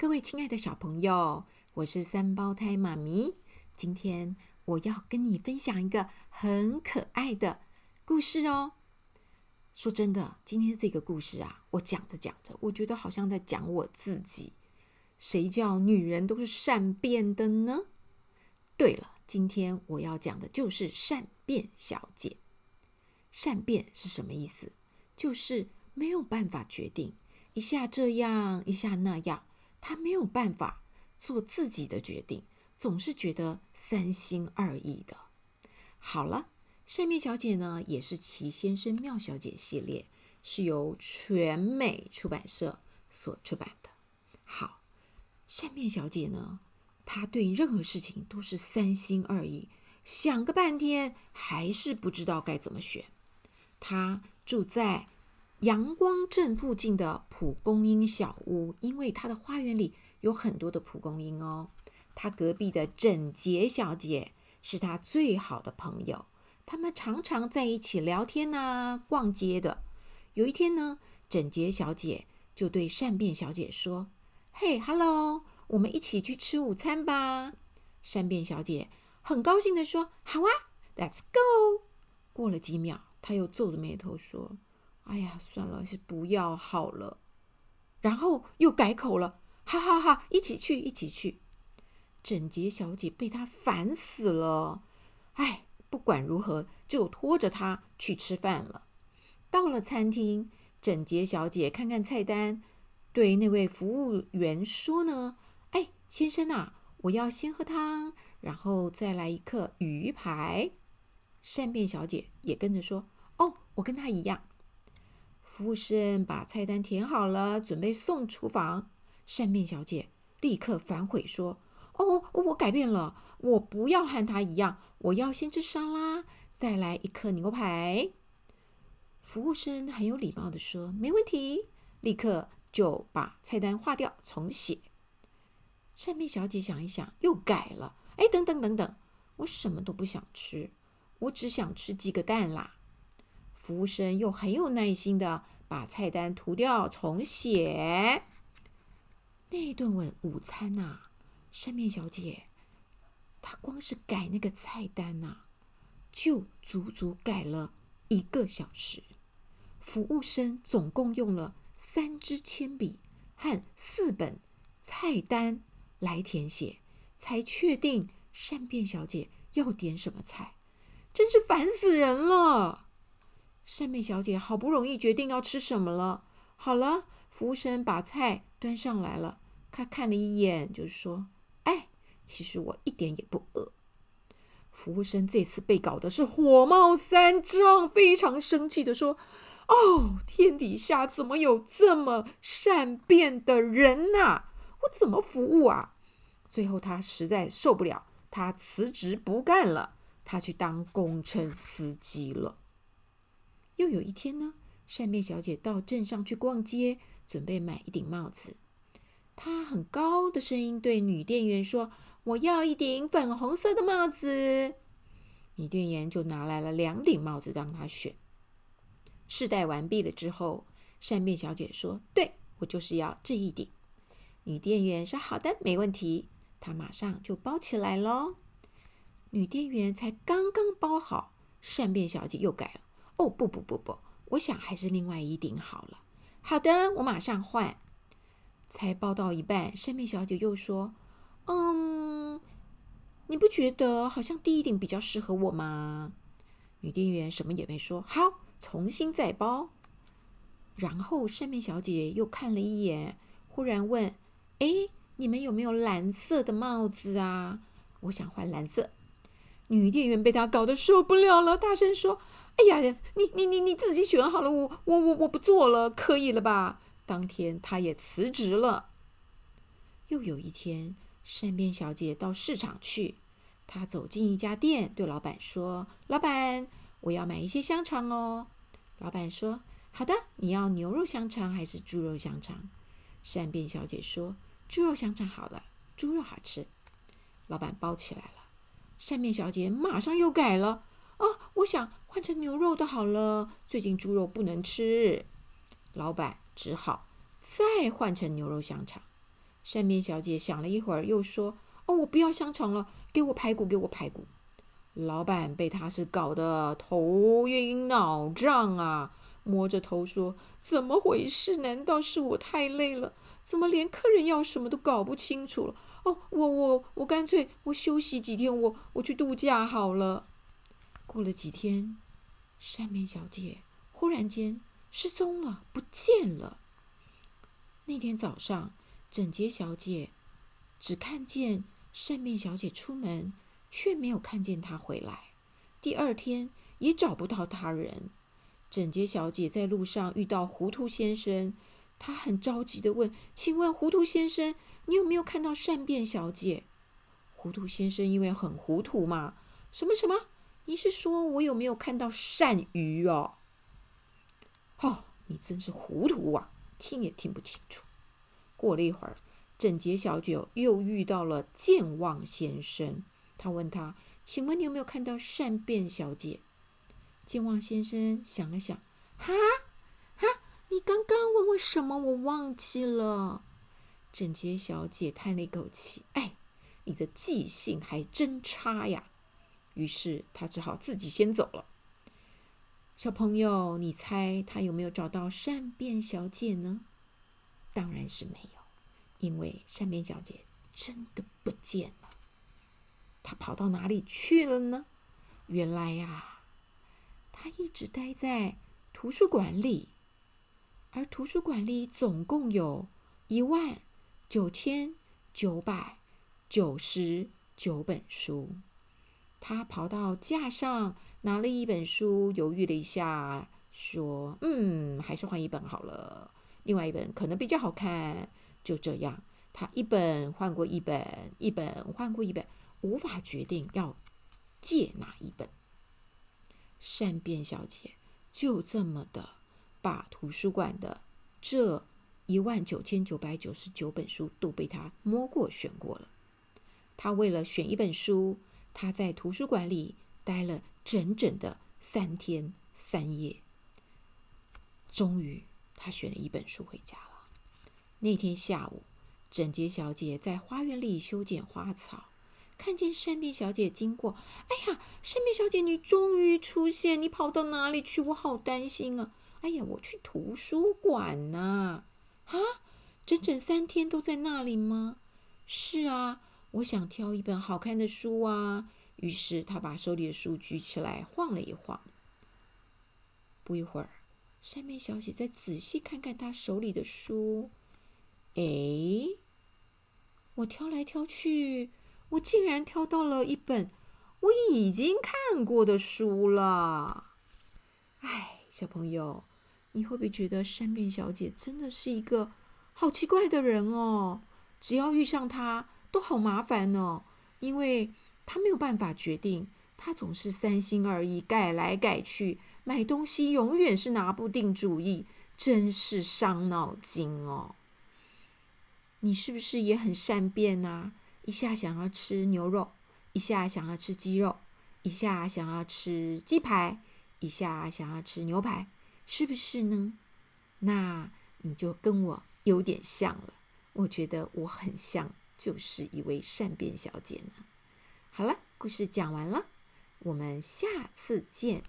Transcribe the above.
各位親愛的小朋友，我是三胞胎媽咪。今天我要跟你分享一個很可愛的故事哦。說真的，今天這個故事啊，我講着講着，我覺得好像在講我自己。誰叫女人都是善變的呢？對了，今天我要講的就是善變小姐。善變是什麼意思？就是沒有辦法決定，一下這樣，一下那樣。她沒有辦法做自己的決定，總是覺得三心二意的。好了，善變小姐呢，也是奇先生、妙小姐系列，是由全美出版社所出版的。好，善變小姐呢，她對任何事情都是三心二意，想個半天還是不知道該怎麼選。她住在。陽光鎮附近的蒲公英小屋，因為它的花園裡有很多的蒲公英哦。它隔壁的整潔小姐是它最好的朋友，他們常常在一起聊天吶、啊、逛街的。有一天呢，整潔小姐就對善變小姐說：“嘿、hey,，hello，我們一起去吃午餐吧。”善變小姐很高興地說：“好啊，let's go。”過了幾秒，她又皺着眉頭說。哎呀，算了，是不要好了。然後又改口了，哈哈哈哈！一起去，一起去。整潔小姐被他煩死了。哎，不管如何，就拖着她去吃飯了。到了餐廳，整潔小姐看看菜單，對那位服務員說呢：“哎，先生吶、啊，我要先喝湯，然後再來一客魚排。”善變小姐也跟着說：“哦，我跟她一樣。”服務生把菜單填好了，準備送廚房。善變小姐立刻反悔說：“哦，我改變了，我不要和他一樣，我要先吃沙拉，再來一顆牛排。”服務生很有禮貌地說：“沒問題。”立刻就把菜單劃掉，重寫。善變小姐想一想，又改了：“哎，等等等等，等等，我什麼都不想吃，我只想吃幾個蛋啦。”服務生又很有耐心的把菜單塗掉重寫。那一頓午午餐吶、啊，善變小姐，她光是改那個菜單吶、啊，就足足改了一個小時。服務生總共用了三支鉛筆和四本菜單來填寫，才確定善變小姐要點什麼菜，真是煩死人了。善變小姐好不容易決定要吃什麼了。好了，服務生把菜端上來了。她看了一眼，就說：“哎，其實我一點也不餓。”服務生這次被搞得是火冒三丈，非常生氣地說：“哦，天底下怎麼有這麼善變的人吶、啊？我怎麼服務啊？”最後，他實在受不了，他辭職不幹了，他去當工程司機了。又有一天呢，善變小姐到鎮上去逛街，準備買一頂帽子。她很高的聲音對女店員說：“我要一頂粉紅色的帽子。”女店員就拿來了兩頂帽子讓她選。試戴完畢了之後，善變小姐說：“對，我就是要這一頂。”女店員說：“好的，沒問題。”她馬上就包起來嘍。女店員才剛剛包好，善變小姐又改了。哦，不不不不，我想還是另外一頂好了。好的，我馬上換。才包到一半，善變小姐又說：“嗯，你不覺得好像第一頂比較適合我嗎？”女店員什麼也沒說，好，重新再包。然後善變小姐又看了一眼，忽然問：“哎，你們有沒有藍色的帽子啊？我想換藍色。”女店員被她搞得受不了了，大聲說。哎呀呀，你你你你自己選好了，我我我我不做了，可以了吧？當天他也辭職了。又有一天，善變小姐到市場去，她走進一家店，對老板說：“老板，我要買一些香腸哦。”老板說：“好的，你要牛肉香腸還是豬肉香腸？”善變小姐說：“豬肉香腸好了，豬肉好吃。”老板包起來了，善變小姐馬上又改了：“哦、啊，我想。”換成牛肉的好了，最近豬肉不能吃。老闆只好再換成牛肉香腸。善變小姐想了一會兒，又說：“哦，我不要香腸了，給我排骨，給我排骨。”老闆被她是搞得頭暈腦脹啊，摸着頭說：“怎麼回事？難道是我太累了？怎麼連客人要什麼都搞不清楚了？”哦，我我我乾脆我休息幾天，我我去度假好了。過了幾天，善變小姐忽然間失蹤了，不見了。那天早上，整潔小姐只看見善變小姐出門，卻沒有看見她回來。第二天也找不到她人。整潔小姐在路上遇到糊塗先生，她很着急的問：“請問，糊塗先生，你有沒有看到善變小姐？”糊塗先生因為很糊塗嘛，什麼什麼。你是說我有沒有看到鱔魚哦？哦，你真是糊塗啊，聽也聽不清楚。過了一會兒，整潔小姐又遇到了健忘先生，她問他：“請問你有沒有看到善變小姐？”健忘先生想了想：“哈，哈，你剛剛問我什麼，我忘記了。”整潔小姐嘆了一口氣：“哎，你的記性還真差呀。”於是他只好自己先走了。小朋友，你猜他有沒有找到善變小姐呢？當然是沒有，因為善變小姐真的不見了。她跑到哪裡去了呢？原來呀，她一直待在圖書館裡，而圖書館裡總共有一萬九千九百九十九本書。她跑到架上拿了一本書，猶豫了一下，說：“嗯，還是換一本好了，另外一本可能比較好看。”就這樣，她一本換過一本，一本換過一本，無法決定要借哪一本。善變小姐就這麼的把圖書館的這一萬九千九百九十九本書都被她摸過、選過了。她為了選一本書。她在圖書館裡待了整整的三天三夜，終於，她選了一本書回家了。那天下午，整潔小姐在花園裡修剪花草，看見善變小姐經過。哎呀，善變小姐，你終於出現！你跑到哪裡去？我好擔心啊！哎呀，我去圖書館呢。啊、啊，整整三天都在那裡嗎？是啊。我想挑一本好看的書啊，於是他把手裡的書舉起來晃了一晃。不一會兒，善變小姐再仔細看看她手裡的書，哎，我挑來挑去，我竟然挑到了一本我已經看過的書了。哎，小朋友，你會不會覺得善變小姐真的是一個好奇怪的人哦？只要遇上她，都好麻煩哦，因為他沒有辦法決定，他總是三心二意，改來改去，買東西永遠是拿不定主意，真是傷腦筋哦。你是不是也很善變啊？一下想要吃牛肉，一下想要吃雞肉，一下想要吃雞排，一下想要吃牛排，是不是呢？那你就跟我有點像了，我覺得我很像，就是一位善變小姐呢。好了，故事講完了，我們下次見。